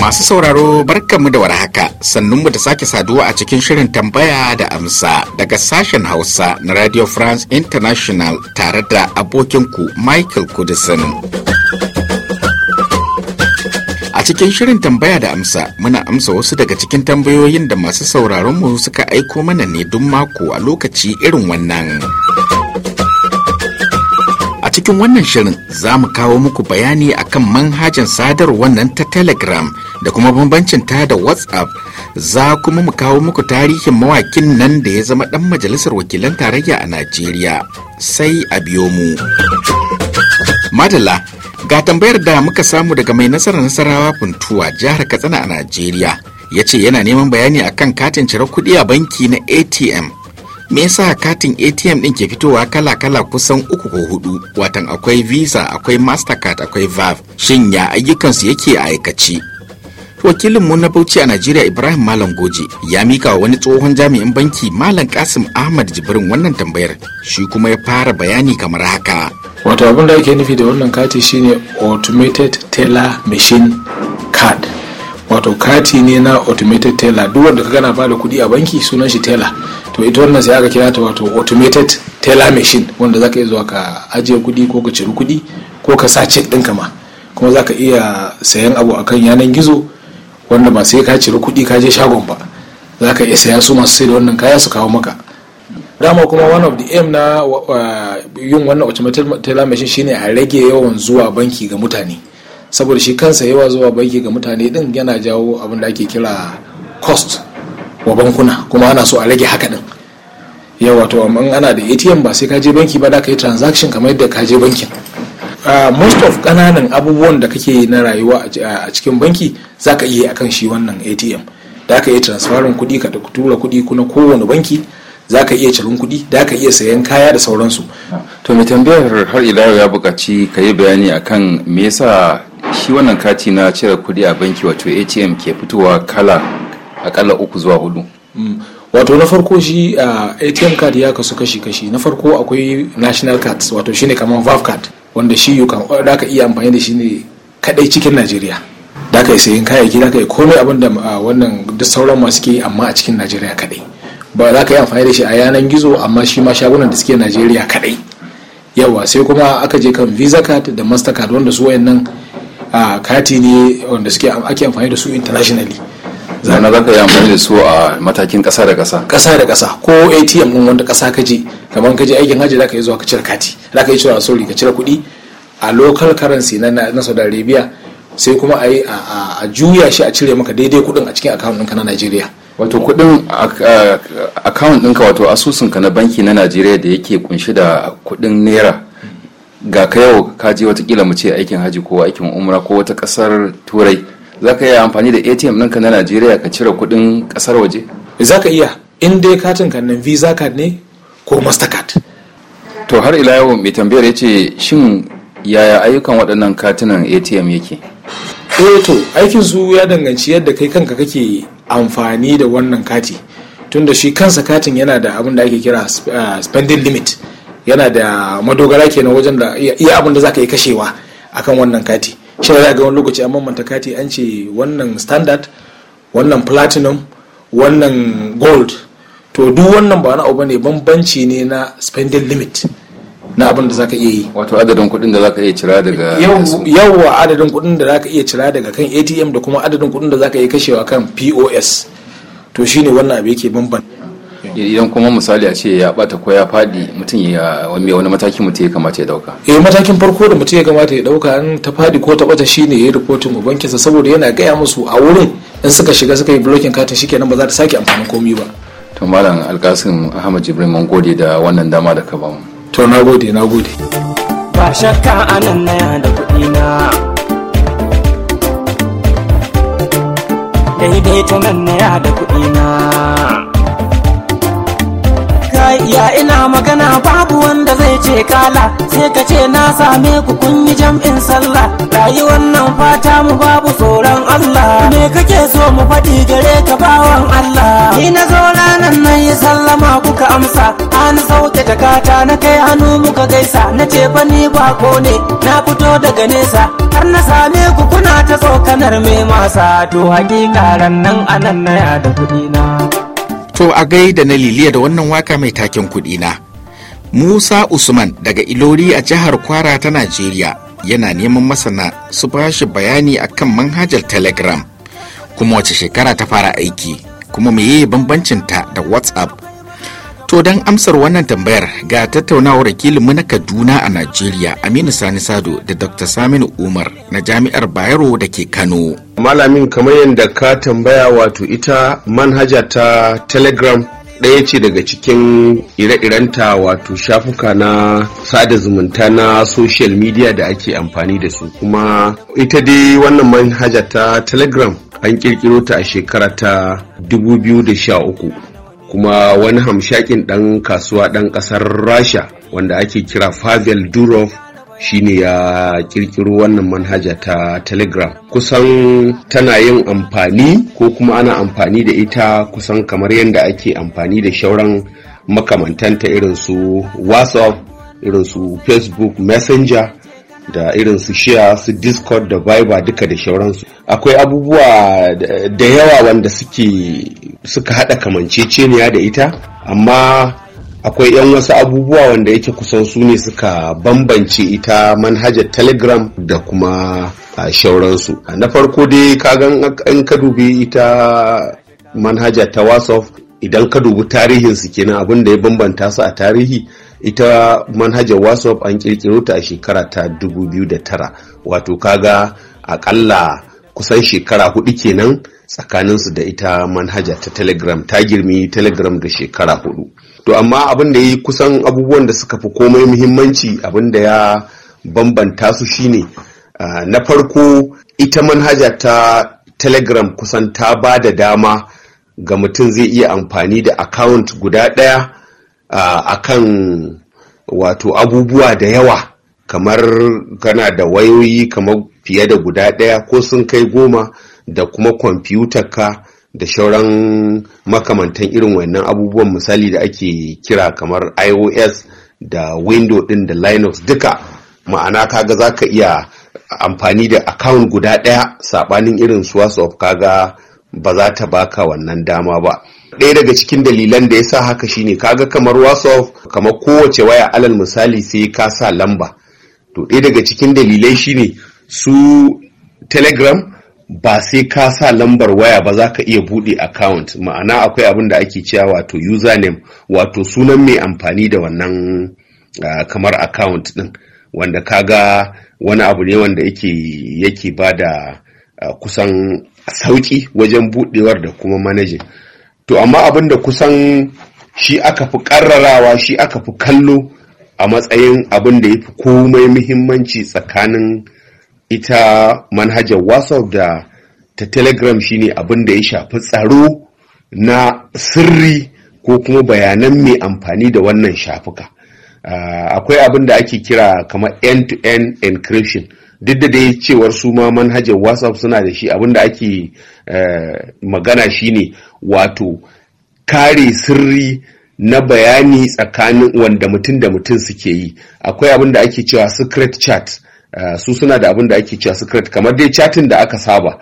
Masu sauraro barka mu da warhaka sannun mu da sake saduwa a cikin shirin tambaya da amsa daga sashen Hausa na Radio France International tare da abokinku Michael Kudisin. cikin shirin tambaya da amsa muna amsa wasu daga cikin tambayoyin da masu sauraronmu suka aiko mana ne duk mako a lokaci irin wannan. A cikin wannan shirin za mu kawo muku bayani akan manhajan sadarwar nan ta Telegram da kuma bambancin ta da WhatsApp. Za kuma mu kawo muku tarihin mawakin nan da ya zama ɗan majalisar wakilan tarayya a Najeriya. Sai a biyo mu. Madala Ga tambayar da muka samu daga mai nasarar nasarawa funtuwa jihar Katsina a Najeriya ya ce yana neman bayani akan katin cire kuɗi a banki na ATM. Me yasa katin ATM ɗin ke fitowa kala-kala kusan uku ko hudu watan akwai Visa, akwai Mastercard, akwai VAV. Shin ya ayyukansu yake a aikace? wakilin na bauchi a najeriya ibrahim malam goje ya mika wa wani tsohon jami'in banki malam kasim ahmad jibrin wannan tambayar shi kuma ya fara bayani kamar haka wato abin da ake nufi da wannan kati shine automated teller machine card wato kati ne na automated teller duk wanda ka gana bada kuɗi a banki sunan shi teller to ita wannan sai aka kira ta wato automated teller machine wanda zaka iya zuwa ka ajiye kuɗi ko ka ciri kuɗi ko ka sa cek ɗinka ma kuma zaka iya sayan abu akan yanan gizo wanda ba sai ka cire kuɗi ka je shagon ba za ka iya saya su masu sai da wannan kaya su kawo maka dama kuma one of the aim na uh, yin wannan automatic teller machine shine a rage yawan zuwa banki ga mutane saboda shi kansa yawa zuwa banki ga mutane din yana jawo abin da ake kira cost wa bankuna kuma ana so a rage haka din yawa to amma ana da atm ba sai ka je banki ba da ka yi transaction kamar yadda ka je bankin Uh, most of kananan abubuwan da kake na rayuwa uh, a cikin banki za ka iya akan shi wannan atm da ka iya transferin kuɗi ka tura kuɗi kuna kowane banki za ka iya cirin kuɗi da ka iya sayan kaya da sauransu to mai tambayar har ila ya buƙaci ka yi bayani akan me yasa shi wannan kati na cire kudi a banki wato atm ke fitowa kala akalla uku zuwa hudu mm. wato na farko shi uh, atm card ya kasu kashi-kashi na farko akwai national card wato shine kamar vav card wanda shi you da ka iya amfani da shi ne kadai cikin Najeriya da ka yi sayin kayayyaki da ka yi komai abin da wannan da sauran masu ke amma a cikin Najeriya kadai ba za ka yi amfani da shi a yanan gizo amma shi ma shagunan da suke Najeriya kadai yawa sai kuma aka je kan visa card da mastercard wanda su wayannan kati ne wanda suke ake amfani da su internationally zana za ka yi amfani da su a matakin kasa da kasa kasa da kasa ko atm din wanda kasa ka je kamar ka je aikin hajji za ka yi zuwa ka cire kati za ka yi cewa sorry ka cire kuɗi a local currency na na saudi arabia sai kuma a yi a juya shi a cire maka daidai kuɗin a cikin account ɗinka na nigeria wato kuɗin account ɗinka wato asusunka na banki na nigeria da yake kunshi da kuɗin naira ga ka yau ka je watakila mu ce aikin hajji ko aikin umra ko wata ƙasar turai za ka iya amfani da atm ɗinka na najeriya ka cire kuɗin ƙasar waje za ka iya in dai katin ka nan visa card ne ko mastercard to har ila yau mai tambayar ya ce shin yaya ayyukan waɗannan katunan atm yake eh to aikin su ya danganci yadda kai kanka kake amfani da wannan kati tunda shi kansa katin yana da abin da ake kira eh, spending limit yana da madogara kenan wajen da iya abin da za ka yi kashewa akan wannan kati shi za ga wani lokaci amma manta kati an ce wannan standard wannan platinum wannan gold to duk wannan ba wani abu ne bambanci ne na spending limit na abin da zaka iya yi wato adadin kudin da zaka iya cira daga yawwa e. adadin kudin da zaka iya cira daga kan ATM da kuma adadin kudin da zaka iya kashewa kan POS to shine wannan abu yake bambanta Eh, idan kuma misali a ce ya bata ko ya fadi mutum ya wani wani mataki mutum ya kamata ya dauka eh matakin farko da mutum ya kamata ya dauka an ta fadi ko ta bata shine ya yi reporting wa bankinsa saboda yana gaya musu a wurin in suka shiga suka yi blocking katin shikenan ba za ta sake amfanin komi ba to malam alkasim ahmad jibrin mun gode da wannan dama da ka ba mu to na gode na gode ba shakka anan na da kudi na daidai nan na da kudi na ya ina magana babu wanda zai ce kala sai ka ce na same ku kun yi jam'in sallah rayuwar wannan fata mu babu tsoron Allah me kake so mu faɗi gare ka bawan Allah ni na zo ranar nan yi sallama kuka amsa an sauke jakata na kai hannu muka gaisa na ce ba ni bako ne na fito daga nesa har na same ku kuna ta tsokanar mai masa to hakika ran anan na ya da na To a gaida na liliya da wannan waka mai taken kuɗi na. Musa Usman daga Ilori a jihar Kwara ta Najeriya yana neman masana su ba shi bayani akan manhajar Telegram kuma wace shekara ta fara aiki kuma meye bambancinta da WhatsApp To don amsar wannan tambayar ga tattaunawar mu na Kaduna a Najeriya Aminu Sani Sado da Dr. Saminu Umar na Jami'ar Bayero da ke Kano. Malamin kamar yadda ka tambaya wato ita manhaja ta Telegram ɗaya ce daga cikin ire-irenta wato shafuka na sada zumunta na social media da ake amfani da su kuma ita dai wannan manhaja ta Telegram an kirkiro ta a shekara ta 2013 kuma wani hamshakin ɗan kasuwa ɗan ƙasar rasha wanda ake kira pavel durov shine ya kirkiro wannan manhaja ta telegram kusan tana yin amfani ko kuma ana amfani da ita kusan kamar yadda ake amfani da shauran makamantanta irin su whatsapp irin su facebook messenger da irin su shia su discord da viber duka da shauransu akwai abubuwa da yawa wanda suke suka haɗa kamanceceniya da ita amma akwai 'yan wasu abubuwa wanda yake kusan su ne suka bambance ita manhajar telegram da kuma shauransu na farko dai kagan in ka dubi ita manhajar ta wasof idan ka dubi tarihinsu kenan abin da ya bambanta su a tarihi ita manhajar whatsapp an kirkiro ta a shekara ta 2009 wato kaga akalla kusan shekara hudu kenan tsakaninsu da ita manhaja ta telegram ta girmi telegram da shekara hudu to amma abin da ya yi kusan abubuwan da suka fi komai muhimmanci abin da ya bambanta su shine uh, na farko ita manhaja ta telegram kusan ta ba da dama ga mutum zai iya amfani da akawunt guda ɗaya A kan wato abubuwa da yawa kamar kana da wayoyi kamar fiye da guda ɗaya ko sun kai goma da kuma ka da shauran makamantan irin wannan abubuwan misali da ake kira kamar ios da window ɗin da linux duka ma'ana kaga za ka iya amfani da account guda ɗaya saɓanin irin swasof kaga ba za ta baka wannan dama ba ɗaya daga cikin dalilan da ya sa haka shine kaga kamar wasof kamar kowace waya alal misali sai ka sa lamba to ɗaya daga cikin dalilai shine su telegram ba sai ka sa lambar waya ba za ka iya buɗe account ma'ana akwai abin da ake cewa wato username wato sunan mai amfani da wannan kamar account ɗin wanda kaga wani abu ne wanda yake yake ba da kusan sauki wajen budewar da kuma manajin to amma abin da kusan shi aka fi karrarawa shi aka fi kallo a matsayin abin da ya fi komai muhimmanci tsakanin ita manhajar whatsapp da ta telegram shine abin da ya shafi tsaro na sirri ko kuma bayanan mai amfani da wannan shafuka ah, akwai abin da ake kira kamar end-to-end encryption duk da dai cewar su ma manhajar whatsapp suna da shi abinda ake eh, magana shine wato kare sirri na bayani tsakanin wanda mutum da mutum suke yi akwai abin da ake cewa secret chat eh, su suna da abin da ake cewa secret kamar dai chatin da aka saba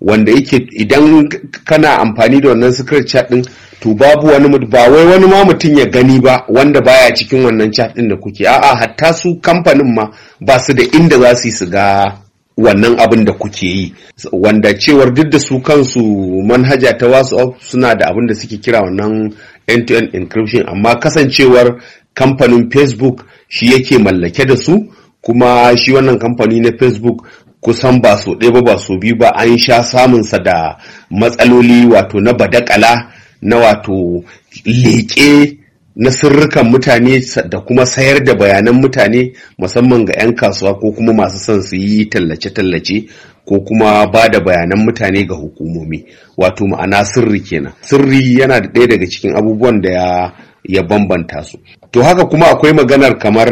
wanda yake idan kana amfani da wannan secret chat din to babu wani ba wai wani ma mutum ya gani ba wanda baya cikin wannan chat din da kuke a'a hatta su kamfanin ma ba su da inda za su yi su ga wannan abin da kuke yi wanda cewar duk da su kansu manhaja ta wasu suna da abin da suke kira wannan end-to-end encryption amma kasancewar kamfanin Facebook shi yake mallake da su kuma shi wannan kamfani na facebook kusan ba so ɗaya ba ba so biyu ba an sha samunsa da matsaloli wato na badakala na wato leƙe na sirrukan mutane da kuma sayar da bayanan mutane musamman ga 'yan kasuwa ko kuma masu son su yi tallace-tallace ko kuma ba da bayanan mutane ga hukumomi wato ma'ana sirri kenan sirri yana da ɗaya daga cikin abubuwan da ya, ya bambanta su to haka kuma akwai maganar kamar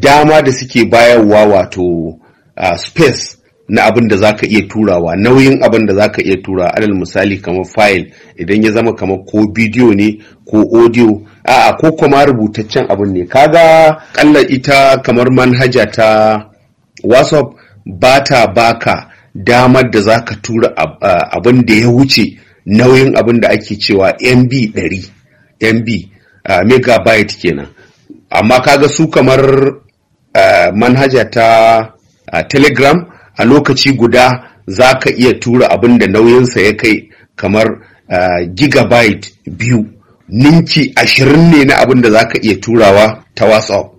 dama da suke bayarwa wato space na abin da za ka iya turawa nauyin abin da za ka iya turawa alal misali kamar fayil idan ya zama kamar ko bidiyo ne ko audio a'a ko kuma rubutaccen abin ne kaga kalla ita kamar manhaja ta whatsapp ba ta baka damar da za ka tura abin da ya wuce nauyin abin da ake cewa mb 100 mb megabyte kenan amma kaga su kamar manhaja ta a telegram a lokaci guda za ka iya tura abin da nauyinsa ya kai kamar gigabyte biyu ninki ashirin ne na abin da za ka iya turawa ta whatsapp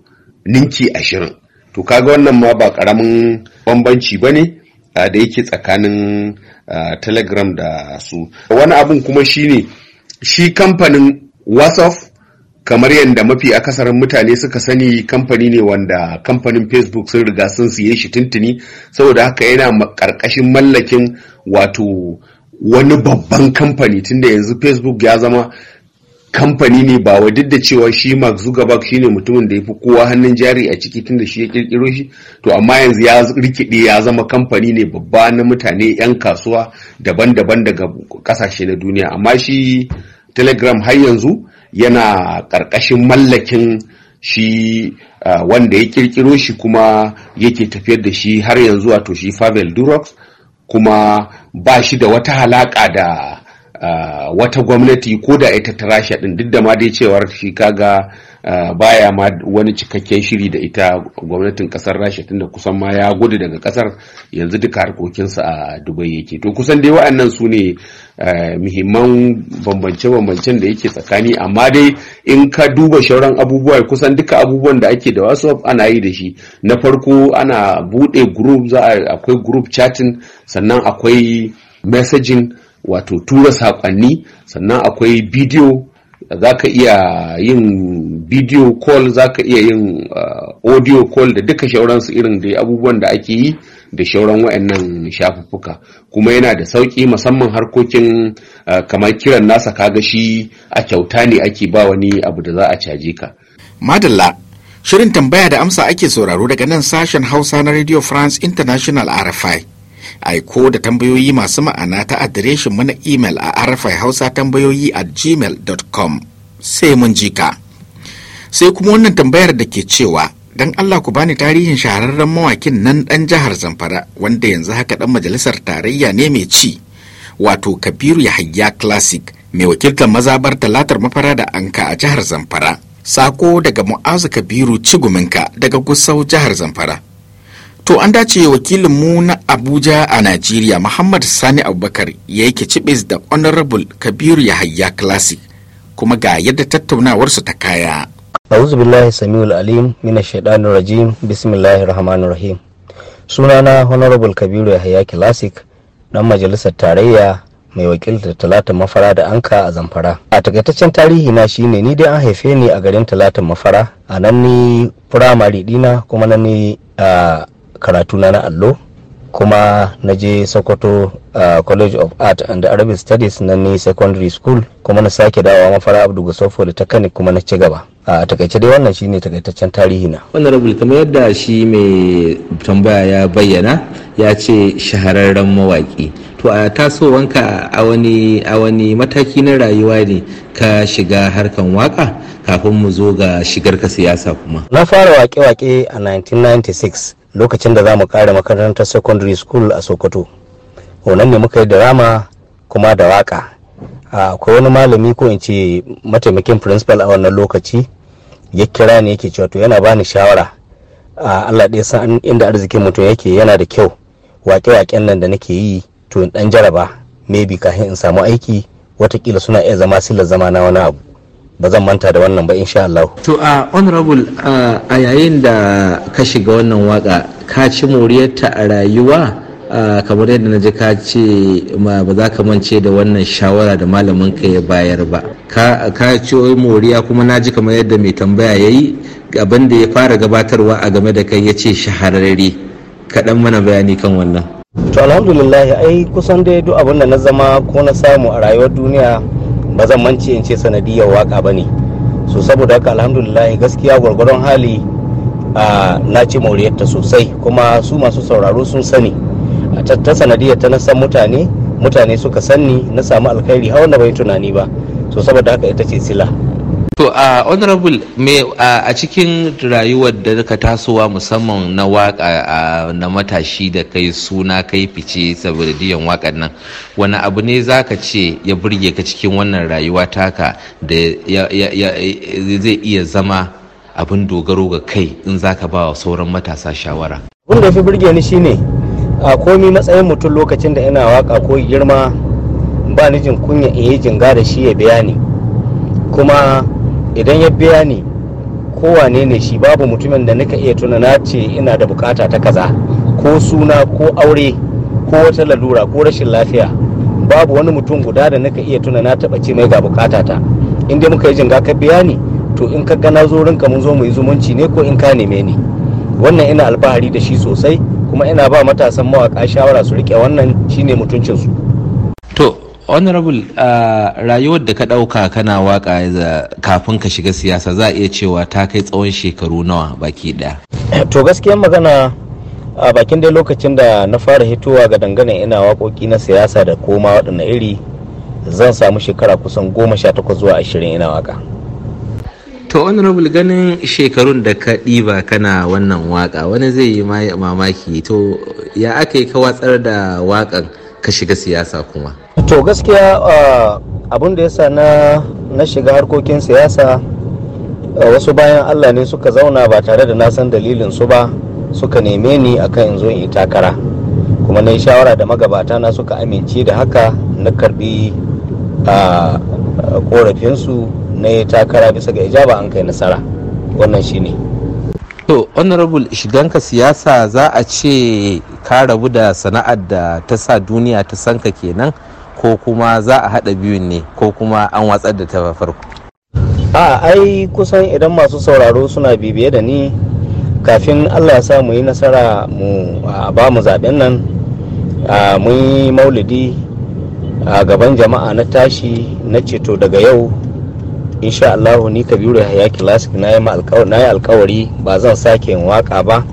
ninki ashirin to kaga wannan ma ba karamin bambanci ba ne da yake tsakanin telegram da su wani abin kuma shine shi kamfanin whatsapp kamar yadda mafi akasarin mutane suka sani kamfani ne wanda kamfanin facebook sun riga sun siye shi tuntuni saboda haka yana karkashin mallakin wato wani babban kamfani tunda yanzu facebook ya zama kamfani ne ba wa duk da cewa shi Mark Zuckerberg shine mutumin da ya fi kowa hannun jari a ciki tunda shi ya kirkiro shi to amma yanzu ya rikide ya zama kamfani ne babba na mutane 'yan kasuwa daban-daban daga kasashe na duniya amma shi telegram har yanzu yana ƙarƙashin mallakin shi wanda ya ƙirƙiro shi kuma yake tafiyar da shi har yanzu wato shi Favel Durox kuma ba shi da wata halaƙa da wata gwamnati ko da ita ta rasha ɗin duk da ma dai cewar shi kaga Eh, baya ma wani cikakken shiri da ita gwamnatin kasar rasha tunda kusan ma ya gudu daga kasar yanzu duka harkokinsa a dubai yake to kusan dai wa'annan su ne eh, muhimman bambance-bambancen da yake tsakani amma dai in ka duba shauran abubuwa kusan duka abubuwan da ake da wasu ana yi da shi na farko ana buɗe group za a akwai group chatting sannan akwai messaging wato tura saƙonni sannan akwai bidiyo za ka iya yin video call za ka iya yin uh, audio call da duka shauransu irin da abubuwan da ake yi da shauran wayannan shafuffuka kuma yana da sauƙi musamman harkokin uh, kamar kiran nasa kaga shi a kyauta ne ake ba wani abu da za a caje ka madalla shirin tambaya da amsa ake sauraro daga nan sashen hausa na radio france international rfi aiko da tambayoyi masu ma'ana ta adireshin mana imel a rfi hausa tambayoyi at gmail.com sai mun jika. sai kuma wannan tambayar da ke cewa dan Allah ku bani tarihin shahararren mawakin nan dan jihar Zamfara wanda yanzu haka dan majalisar tarayya ne mai ci wato Kabiru Yahaya Classic mai wakiltar mazabar talatar mafara da anka a jihar Zamfara sako daga Mu'azu Kabiru Ciguminka daga Gusau jihar Zamfara to an dace wakilin mu na Abuja a Najeriya Muhammad Sani Abubakar ya yake cibis da Honorable Kabiru Yahaya Classic kuma ga yadda tattaunawarsu ta kaya A'udhu billahi samiul alim mina shaitanir rajim bismillahi rahmanir rahim sunana honorable kabiru yahaya classic ɗan majalisar tarayya mai wakiltar talatin mafara da anka a zamfara a takaitaccen tarihi na shine ni dai an haife ni a garin Talatin mafara a nan ni firamare ɗina, kuma nan ni a karatu na na allo kuma na je sokoto uh, college of art and arabic studies na ni secondary school kuma na sake dawowa mafara abdu gusofo da takanik kuma na ci gaba a takaice dai wannan shine takaitaccen tarihi na wannan rabul kamar yadda shi mai tambaya ya bayyana ya ce shahararren mawaki to a tasowanka a wani a wani mataki na rayuwa ne ka shiga harkan waka kafin mu zo ga shigar ka siyasa kuma na fara wake-wake a 1996 lokacin da za mu kare makarantar secondary school a sokoto nan ne muka yi drama kuma da waka akwai wani malami ko in ce mataimakin principal a wannan lokaci ya kira ne yake cewa to yana bani shawara Allah ɗaya san inda arzikin mutum yake yana da kyau wake-waken nan da nake yi to in dan jaraba maybe kafin in samu aiki watakila suna iya zama silar zama na wani abu ba zan manta da wannan ba insha Allah to a honorable a yayin da ka shiga wannan waka ka ci moriyarta a rayuwa kamar yadda na ji ka ce ba za ka mance da wannan shawara da malamin ka ya bayar ba ka ce moriya kuma na ji kamar yadda mai tambaya ya yi abin da ya fara gabatarwa a game da kai ya ce shahararre kaɗan mana bayani kan wannan to alhamdulillah ai kusan dai duk abin da na zama ko na samu a rayuwar duniya ba zan mance in ce sanadiyar waka ba ne so saboda haka alhamdulillah gaskiya gwargwaron hali na ci mauriyarta sosai kuma su masu sauraro sun sani a ta sanadiyar ta na san mutane mutane suka sanni na samu alkhairi hau na bai tunani ba so saboda haka ita ce sila to a honorable me a cikin rayuwar da ka tasowa musamman na waka na matashi da kai suna kai fice saboda diyan wakan nan wani abu ne za ka ce ya burge ka cikin wannan rayuwa taka da zai iya zama abin dogaro ga kai in za ka ba wa sauran matasa shawara abin da fi burge ni shine a komi matsayin mutum lokacin da ina waka ko girma ba ni jin kunya in eh, yi jinga da shi ya bayani kuma idan ya biya ni kowane ne shi babu mutumin da nika iya tuna na ce ina da bukata ta kaza ko suna ko aure ko wata lalura ko rashin lafiya babu wani mutum guda da nika iya tuna na taba ce mai ga bukata ta inda muka yi jinga ka biya ni to in ka gana zo rinka mun zo mu yi zumunci ne ko in ka neme ni wannan ina alfahari da shi sosai kuma ina ba matasan mawaka shawara su rike wannan shine mutuncinsu honorable uh, rayuwar da ka ɗauka kana waka kafin ka shiga siyasa za a iya cewa ta kai tsawon shekaru nawa baki ɗaya to gaskiyar magana a bakin dai lokacin da na fara hitowa ga dangane ina waƙoƙi na siyasa da koma waɗanne iri zan samu shekara kusan goma sha takwas zuwa ashirin ina waka to honorable ganin shekarun da ka ɗiba kana wannan waka wani zai yi mamaki to ya aka yi ka watsar da wakan ka shiga siyasa kuma to gaskiya ah, abin da yasa na na shiga harkokin siyasa ah, wasu bayan allah ne suka zauna ba tare da na san dalilin su ba suka neme ni akan in zo in yi takara kuma na yi shawara da magabata na suka amince da haka na karbi a ah, korafinsu na yi takara bisa ga ijaba an kai nasara wannan shine to honorable shiganka siyasa za a ce ka rabu da sana'ar da ta sa duniya ta san ka kenan ko kuma za a haɗa biyun ne ko kuma an watsar da ta farko a ai kusan idan masu sauraro suna bibiye da ni kafin allah sa mu yi nasara mu ba mu zaben nan mun yi maulidi a gaban jama'a na tashi na ceto daga yau insha allahu ni kabiru yahaya classic na yi alkawari ba zan sake yin waka ba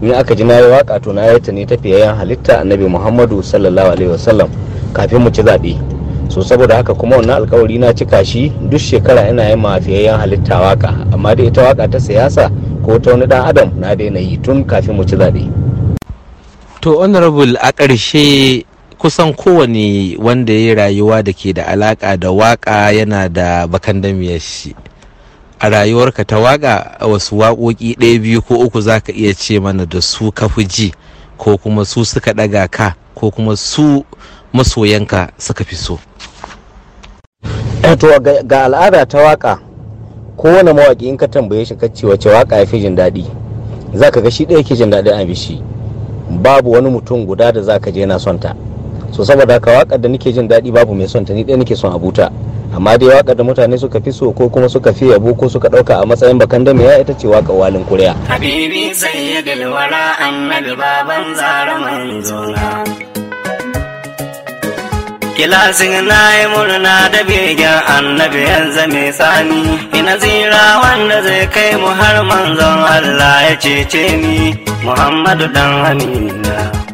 ni aka ji na yi waka to na yi ta ne tafiyayyen halitta annabi muhammadu sallallahu alaihi wasallam kafin mu ci zaɓe so saboda haka kuma wannan alkawari na cika shi duk shekara ina yin mafiyayyen halitta waka amma da ita waka ta siyasa ko ta wani dan adam na daina yi tun kafin mu ci zaɓe. to honorable a ƙarshe kusan kowane wanda ya yi rayuwa da ke da alaka da waka yana da bakan damiyar shi a rayuwarka ta waka wasu waƙoƙi ɗaya biyu ko uku za ka iya ce mana da su ka fi ji ko kuma su suka ɗaga ka ko kuma su masoyanka suka fi so eh, to ga al'ada ta waka kowane mawaƙi in ka tambaye shi kacce wace waka ya fi jin daɗi za ka ga shi ɗaya ke jin daɗin a bishi babu wani mutum guda da za ka je na son ta so saboda haka wakar da nake jin daɗi babu mai son ta ni ɗaya nake son abuta amma dai wakar da mutane suka fi so ko kuma suka fi yabo ko suka ɗauka a matsayin bakan da ya ita ce waka walin kuriya. habibi sayyidul wara annal baban zara manzona kilasin na yi murna da begen annabi yanzu mai sani ina zira wanda zai kai mu har manzon allah ya cece ni muhammadu dan amina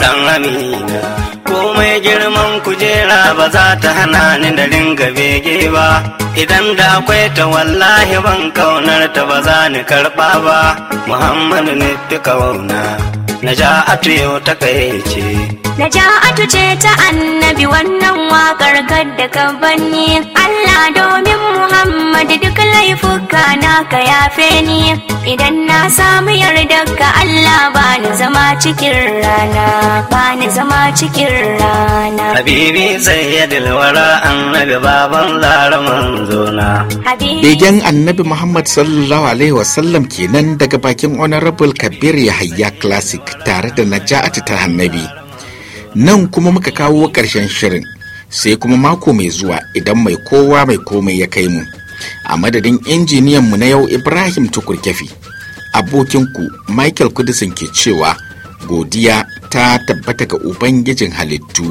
dan amina komai girman kujera ba za ta hana ni da ringa bege ba idan da akwai ta wallahi ban kaunar ta ba za ni karɓa ba muhammadu ne fi kauna na ja yau ta kai ce Naja'atu ce ta annabi wannan waƙar kadda ka banni Allah domin Muhammad duk laifuka na ka yafe ni idan na samu ka Allah ba ni zama cikin rana ba ni zama cikin rana Habibi sayyidul wara annabi baban laraman zona Begen annabi Muhammad sallallahu alaihi wasallam kenan daga bakin honorable Kabir Yahya Classic tare da Naja'atu ta annabi nan kuma muka kawo ƙarshen shirin sai kuma mako mai zuwa idan mai kowa mai komai ya kai mu a madadin injiniyanmu na yau ibrahim tukurkefi abokinku michael kudisin ke cewa godiya ta tabbata ga ubangijin halittu.